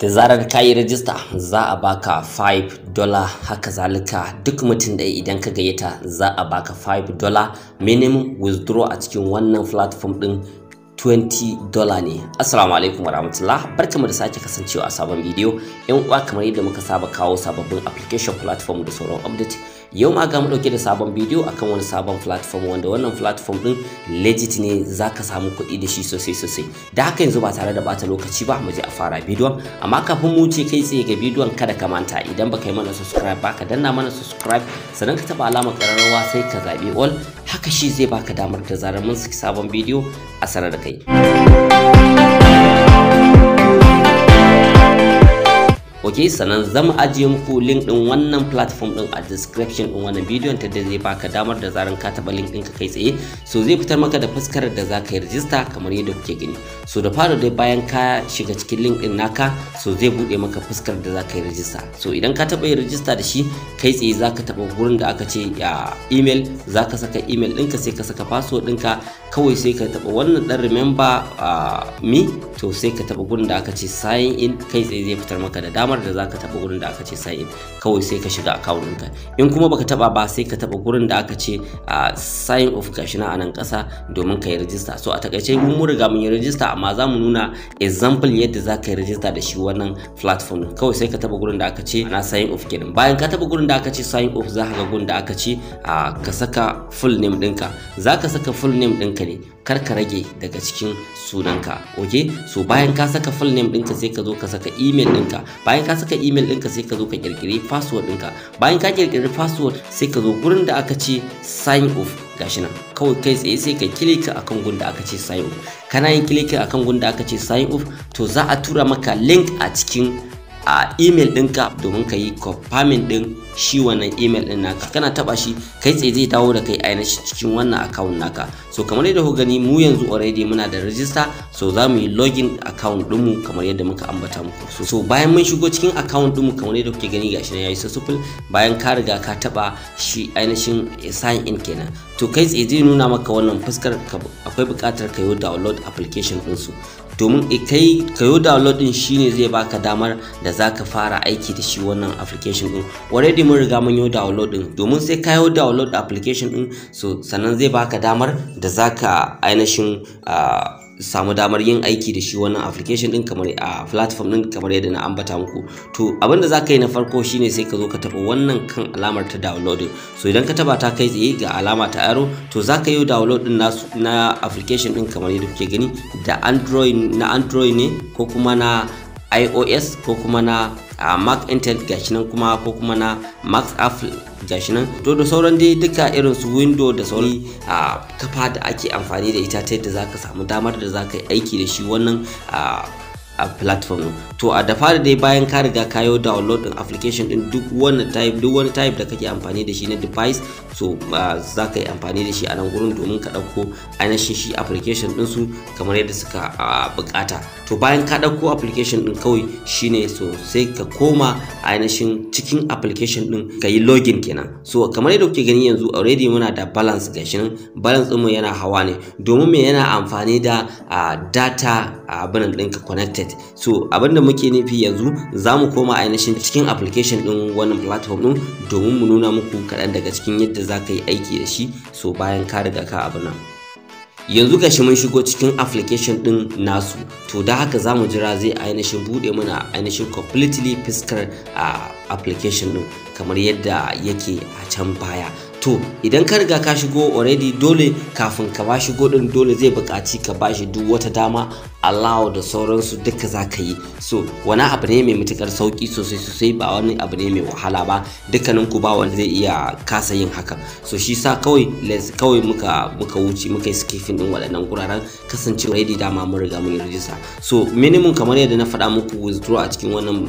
da zarar ka yi rajista za a baka 5 dola haka zalika duk mutum da idan ka gayyata za a baka 5 dola minimum withdraw a cikin wannan platform ɗin 20 dola ne assalamu alaikum warahmatullah barkamu da sake kasancewa a sabon bidiyo yan uwa kamar yadda muka saba kawo sababbin application platform da sauran update yau ma ga mu dauke da sabon bidiyo akan wani sabon platform wanda wannan platform din legit ne za ka samu kuɗi da shi sosai sosai da haka yanzu ba tare da bata lokaci ba mu je a fara bidiyon amma kafin mu wuce kai tsaye ga bidiyon kada ka manta idan baka yi mana subscribe ba ka danna mana subscribe sannan ka taba alamar kararrawa sai ka zabi all haka shi zai baka damar da zarar mun saki sabon bidiyo a sanar da kai sauke sanan zama ajiye muku link din wannan platform din a description din wannan bidiyon ta da zai baka damar da zaran ka taba link din ka kai tsaye so zai fitar maka da fuskar da za ka yi rajista kamar yadda kuke gani so da fara dai bayan ka shiga cikin link din naka so zai bude maka fuskar da za ka yi rajista so idan ka taba yi rajista da shi kai tsaye za ka taba gurin da aka ce ya ah, email za ka saka email ɗinka sai ka saka password ɗinka kawai sai ka taba wannan dan remember me to sai ka taba gurin da aka ce sign in kai tsaye zai fitar maka da damar da zaka taba gurin da aka ce sign in kawai sai ka shiga account ɗinka in kuma baka taba ba sai ka taba gurin da aka ce sign of gashi na anan ƙasa domin ka yi register so a takaice mun mu riga mun yi register amma za mu nuna example yadda za ka yi register da shi wannan platform kawai sai ka taba gurin da aka ce na sign of kenan bayan ka taba gurin da aka ce sign of za ka ga gurin da aka ce ka saka full name ɗinka za ka saka full name ɗinka ɗinka ne kar ka rage daga cikin sunanka ok so bayan ka saka full name ɗinka sai ka zo ka saka email ɗinka bayan ka saka email ɗinka sai ka zo ka kirkiri password ɗinka bayan ka kirkiri password sai ka zo gurin da aka ce sign off gashi nan kawai kai tsaye sai ka kilika akan gun da aka ce sign off kana yin kilika akan gun da aka ce sign off to za a tura maka link a cikin a email ɗinka domin ka yi confirming ɗin shi wannan email ɗin naka kana taba shi kai tsaye zai dawo da kai ainihin cikin wannan account naka so kamar yadda ku gani mu yanzu already muna da register so za mu login account ɗinmu kamar yadda muka ambata muku so, so bayan mun shigo cikin account ɗinmu kamar yadda kuke gani gashi na yayi successful bayan ka riga ka taba shi ainihin sign in kenan to kai tsaye zai nuna maka wannan fuskar akwai buƙatar ka yi download application ɗinsu domin kai kayo download din shine zai baka damar da zaka fara aiki da shi wannan application din already mun riga mun yi download din domin sai kayo download application din so sannan zai baka damar da zaka ainihin ah, samu damar yin aiki da shi wannan application din kamar a platform din kamar yadda na ambata muku to abinda za ka yi na farko shine sai ka zo ka taba wannan kan alamar ta downloading so idan ka taba ta kai tsaye ga alama ta arrow to za ka yi download din na application din kamar yadda kuke gani da android na android ne ko kuma na ios ko kuma na a mark intel gashi nan kuma ko kuma na max apple gashi nan to da sauran dai duka irin su window da sauri a kafa da ake amfani da ita ta yadda zaka samu damar da zaka yi aiki da shi wannan a a platform to a da fara dai bayan ka riga ka yi download din application din duk wani type duk wani type da kake amfani da shi na device so za ka yi amfani da shi a nan gurin domin ka ɗauko ainihin shi application din su kamar yadda suka bukata to bayan ka ɗauko application din kawai shine so sai ka koma ainihin cikin application din ka yi login kenan so kamar yadda kuke gani yanzu already muna da balance gashi nan balance mu yana hawa ne domin me yana amfani da data abin ka connected website so abinda muke nufi yanzu za mu koma ainihin cikin application din wannan platform din domin mu nuna muku kaɗan daga cikin yadda za ka yi aiki da shi so bayan ka riga ka abu nan yanzu gashi mun shigo cikin application din nasu to da haka zamu jira zai ainihin buɗe mana ainihin completely fiskar a application din kamar yadda yake a can baya to idan ka riga ka shigo already dole kafin ka ba shigo din dole zai buƙaci ka bashi duk wata dama allahu da sauransu duka za ka yi so wani abu ne mai matukar sauki sosai sosai ba wani abu ne mai wahala ba dukkanin ku ba wanda zai iya kasa yin haka so shi sa kawai kawai muka wuce muka yi skipping din waɗannan guraren kasancewa ready dama mun riga mun yi so minimum kamar yadda na faɗa muku withdraw a cikin wannan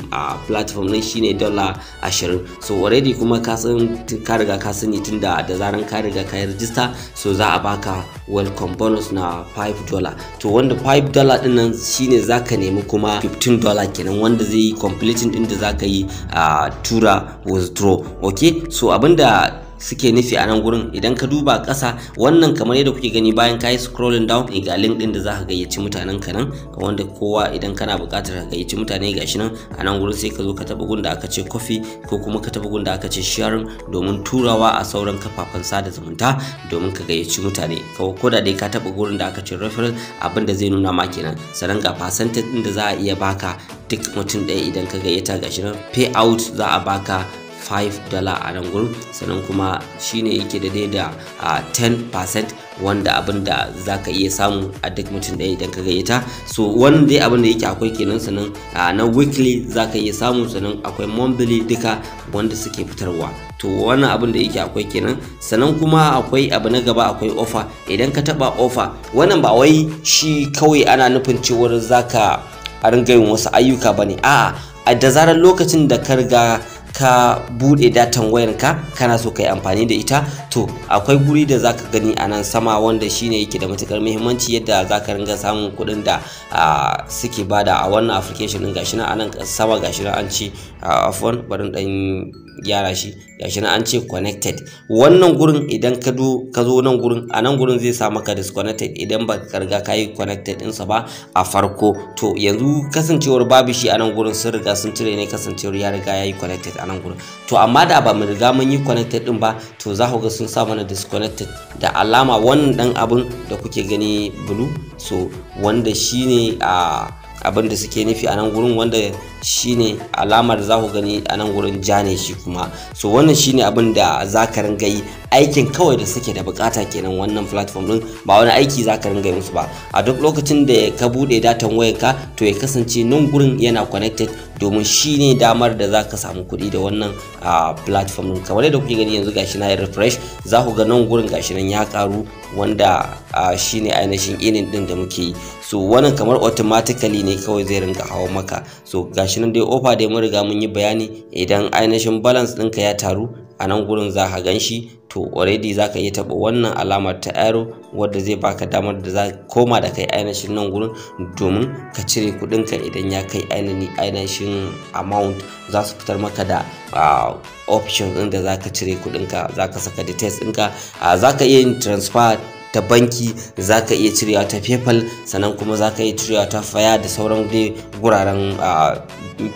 platform nan shine dala ashirin. so already kuma ka san ka riga ka sani tunda da zaran ka riga ka yi rijista so za a baka welcome bonus na 5 dollar to wanda 5 dollar din nan shine zaka nemi kuma 15 dollar kenan wanda zai yi completing din da zaka yi a ah, tura withdraw okay so abinda suke nufi a nan gurin idan ka duba ƙasa wannan kamar yadda kuke gani bayan ka yi scrolling down ga link din da za ka gayyaci mutanen ka nan wanda kowa idan kana buƙatar ka gayyaci mutane gashi nan a nan gurin sai ka zo ka taɓa gun da aka ce coffee ko kuma ka taɓa gun da aka ce sharing domin turawa a sauran kafafen sada zumunta domin ka gayyaci mutane ko da dai ka taba gurin da aka ce referral abin da zai nuna ma kenan sanan ga percentage din da za a iya baka duk mutum ɗaya idan ka gayyata gashi nan payout za a baka 5 dala a nan gurin sannan kuma shine yake daidai da 10% wanda abin da za ka iya samu a duk mutum ɗaya idan ka gayyata so wannan dai abin da yake akwai kenan sannan na weekly za ka iya samu sannan akwai monthly duka wanda suke fitarwa to wannan abin da yake akwai kenan sannan kuma akwai abu na gaba akwai offer idan ka taba offer wannan ba wai shi kawai ana nufin cewar zaka a ringa yin wasu ayyuka bane a'a da zarar lokacin da ka riga ka bude datan wayanka kana so ka yi amfani da ita to akwai guri da zaka gani a nan sama wanda shine yake da matukar muhimmanci yadda zaka ringa samun kuɗin da suke bada a wannan application din gashi nan a nan sama gashi nan an ce afwan bari dan gyara shi gashi an ce connected wannan gurin idan ka ka zo nan gurin a nan gurin zai sa ka disconnected idan ba ka riga ka yi connected ɗinsa ba a farko to yanzu kasancewar babu shi a nan gurin sun riga sun cire ne kasancewar ya riga ya yi connected a nan gurin to amma da ba mu riga mun yi connected in ba to za ku ga sun sa mana disconnected da alama wannan dan abin da kuke gani blue so wanda shine a ah, abin da suke nufi a nan gurin wanda shine alamar za ku gani a nan gurin ja ne shi kuma so wannan shine abin da za ka ringa yi aikin kawai da suke da bukata kenan wannan platform din ba wani aiki za ka ringa musu ba a duk lokacin da ka bude datan wayanka to ya kasance nan gurin yana connected domin shine damar da za ka samu kuɗi da wannan platform din kamar yadda kuke gani yanzu gashi na refresh za ku ga nan gurin gashi nan ya karu wanda shine ainihin inin din da muke yi so wannan kamar automatically ne kawai zai ringa hawo maka so gashi gashi nan dai offer dai mun riga mun yi bayani idan ainihin balance ɗinka ya taru a nan gurin za ka gan shi to already za ka iya taɓa wannan alamar ta arrow wadda zai baka damar da za koma da kai ainihin nan gurin domin ka cire kuɗinka idan ya kai ainihin amount za su fitar maka da options ɗin da za ka cire kuɗinka za ka saka details ɗinka za ka iya yin transfer ta banki za ka iya cirewa ta paypal sannan kuma za ka iya cirewa ta faya da sauran dai guraren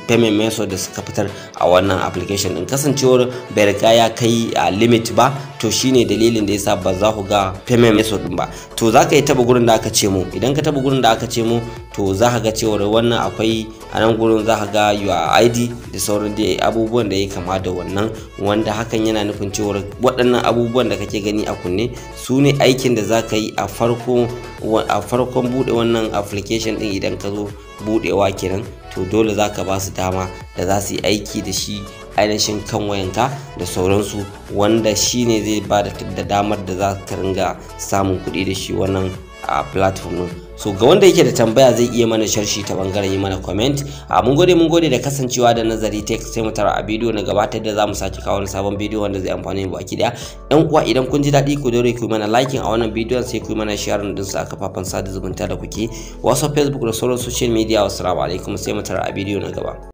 payment method da suka fitar a wannan application din kasancewar bai riga ya kai a limit ba to shine dalilin da yasa ba za ku ga payment method din ba to za ka yi taba gurin da aka ce mu idan ka taba gurin da aka ce mu to za ka ga cewar wannan akwai a nan gurin za ka ga UID da sauran dai abubuwan da ya kama da wannan wanda hakan yana nufin cewar waɗannan abubuwan da kake gani a kunne su ne aikin da za ka yi a farkon buɗe wannan application ɗin idan ka zo buɗewa kenan to dole za ka ba su dama da za su yi aiki da shi ainihin kan wayanka da sauransu wanda shi ne zai ba da damar da za ka ringa samun kuɗi da shi wannan a platform so ga wanda yake da tambaya zai iya mana sharshi ta bangaren yi mana comment a ah, mun gode mun gode da kasancewa da nazari ta sai mu tara a bidiyo na gaba ta za zamu sake kawo wani sabon bidiyo wanda zai amfane mu baki daya dan kuwa idan kun ji daɗi ku dore ku mana liking a wannan bidiyon sai ku mana share din sa a kafafen sada zumunta da kuke whatsapp facebook da sauran social media wassalamu alaikum sai mu tara a bidiyo na gaba